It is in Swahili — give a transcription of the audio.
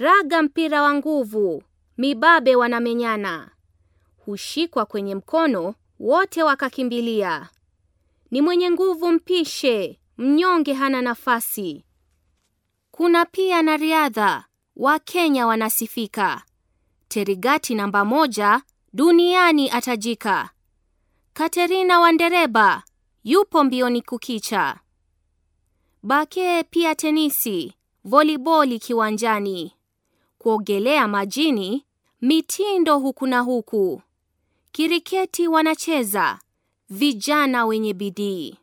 Raga mpira wa nguvu, mibabe wanamenyana. Hushikwa kwenye mkono, wote wakakimbilia. Ni mwenye nguvu mpishe, mnyonge hana nafasi. Kuna pia na riadha, Wakenya wanasifika. Terigati namba moja duniani atajika. Katerina Wandereba yupo mbioni kukicha. Bake pia tenisi, voliboli kiwanjani kuogelea majini, mitindo huku na huku. Kiriketi wanacheza vijana wenye bidii.